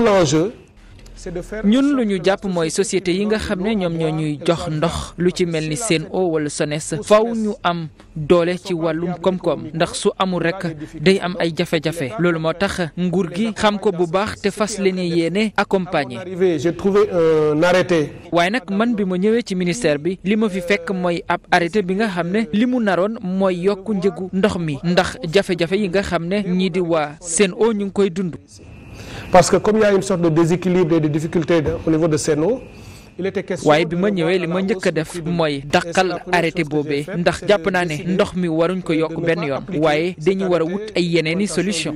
nous ñun lu ñu jàpp mooy société yi nga xam ne ñoom ñoo ñuy jox ndox lu ci mel ni seen Sen'Eau wala SONES faw ñu am doole ci wàllum koom-koom ndax su amul rek day am ay jafe-jafe loolu moo tax nguur gi xam ko bu baax te fas leen yéene accompagner. Euh, waaye nag man bi ma ñëwee ci ministère bi li ma fi fekk mooy ab arrêté bi nga xam ne li mu naroon mooy yokk njëgu ndox mi ndax jafe-jafe yi nga xam ne ñii di waa Sen'Eau ñu ngi koy dund. parce que comme il y a une sorte de déséquilibre et de difficulté au niveau waaye bi ma ñëwee li ma njëkk a def mooy dàqal arrêté boobee ndax jàpp naa ne ndox mi waruñ ko yokk benn yoon waaye dañu war a wut ay yeneeni solution